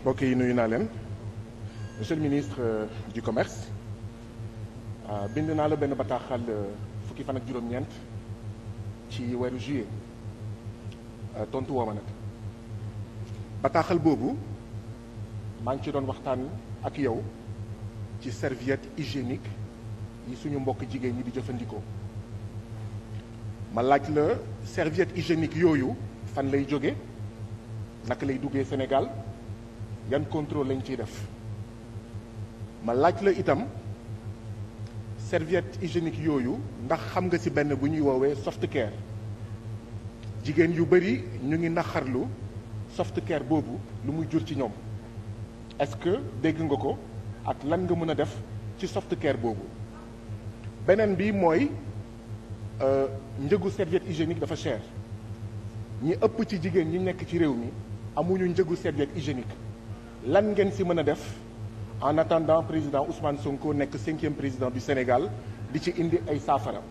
mbokk yi nuyu naa leen monsieur ministre euh, du commerce euh, bind naa la benn bataaxal euh, fukki fan ak juróom-ñeent ci weeru juillet tontu woo ma nag bataaxal boobu maa ngi ci doon waxtaan ak yow ci serviette hygiénique yi suñu mbokk jigéen ñi di jëfandikoo ma laaj la serviette hygiénique yooyu fan lay jóge naka lay duggee Sénégal yan contrôle lañ ciy def ma laaj la itam serviette hygiénique yooyu ndax xam nga ci benn bu ñuy woowee soft care jigéen yu bëri ñu ngi naxarlu soft care boobu lu mu jur ci ñoom est-ce que dégg nga ko ak lan nga mën a def ci soft care boobu beneen bi mooy euh, njëgu serviette hygiénique dafa cher ñi ëpp ci jigéen ñi nekk ci réew mi amuñu njëgu serviette hygiénique lan ngeen si mën a def en attendant président Ousmane Sonko nekk cinquième président du Sénégal di ci indi ay saafara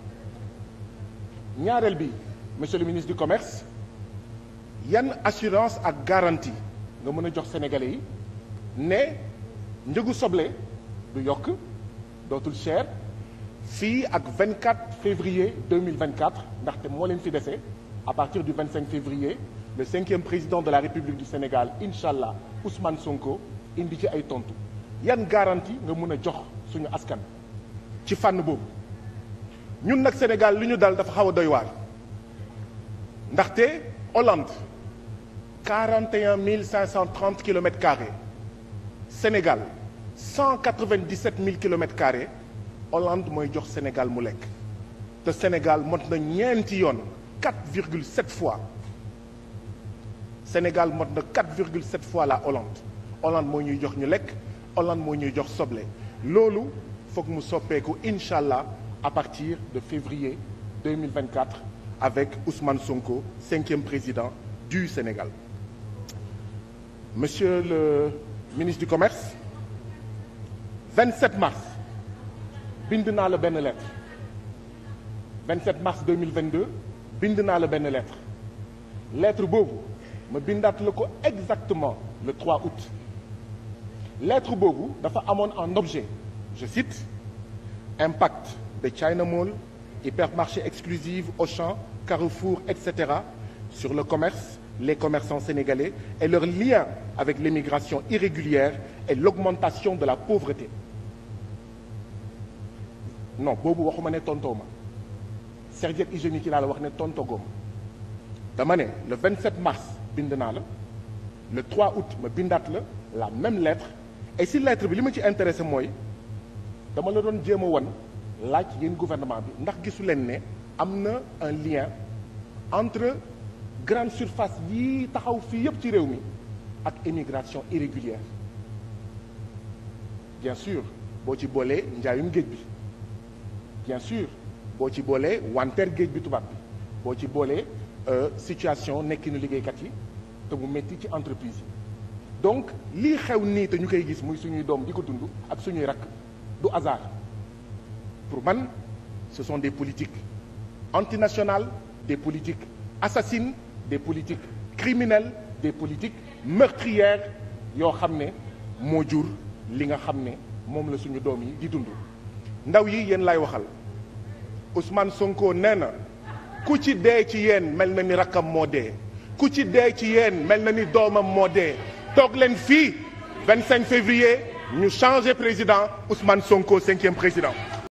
ñaareel bi monsieur le ministre du commerce yan assurance ak garantie nga mën a jox sénégalais yi ne njëgu soble du yokk dootul cher fii ak 24 février 2024 ndaxte moo leen fi dese à partir du 25 février le cinquième président de la République du Sénégal incha allah Ousmane Sonko indi ci ay tontu yan garantie nga mun a jox suñu askan ci fànn boobu ñun nag Sénégal li ñu dal dafa xaw a doy waar ndaxte Hollande 41 530 kilomètres carrés Sénégal 197 000 kilomètres carrés Hollande mooy jox Sénégal mu lekk te Sénégal mot na ñeenti yoon 4,7 fois. Sénégal mot na 4,7 fois la Hollande Hollande moo ñuy jox ñu lekk Hollande moo ñuy jox soble loolu foog mu soppeeku incha allah à partir de février 2024 avec Ousmane Sonko cinquième président du Sénégal monsieur le ministre du commerce 27 mars bind naa la benn lettre 27 mars 2022 bind naa la benn lettre lettre boobu. ma bindaat la ko exactement le 3 août boobu dafa amoon en objet je cite impact de China Mall hypermarché exclusive Auchan Carrefour etc sur le commerce les commerçants sénégalais et lien avec l'immigration irrégulière et l'augmentation de la pauvreté non boobu waxuma ne tontoo ma serviette hygiénique yi laa wax ne tontogooma dama ne le 27 mars bind naa la le trois août ma bindaat la la même lettre et si lettre bi li ma ci intéressé mooy dama la doon jéem a wan laaj yéen gouvernement bi ndax gisu leen ne am na un lien entre grande surface yii taxaw fii yëpp ci réew mi ak immigration irrégulière bien sûr boo ci boolee njaayum géej bi bien sûr boo ci boolee wanteer géej bi tubaab bi boo ci boolee Euh, situation nekkinu liggéeykat yi te mu métti ci entreprise yi donc lii xew nii te ñu koy gis muy suñuy doom di ko dund ak suñuy rakk du hasard pour man ce sont des politiques antinationales des politiques assassines des politiques criminelles des politiques meurtrières yoo xam ne moo jur li nga xam ne moom la suñu doom yi di dund ndaw yi yéen lay waxal Ousmane Sonko nee na ku ci dee ci yéen mel na ni rakkam moo dee ku ci dee ci yéen mel na ni doomam moo dee toog leen fii 25 février ñu changé président Ousmane Sonko cinquième président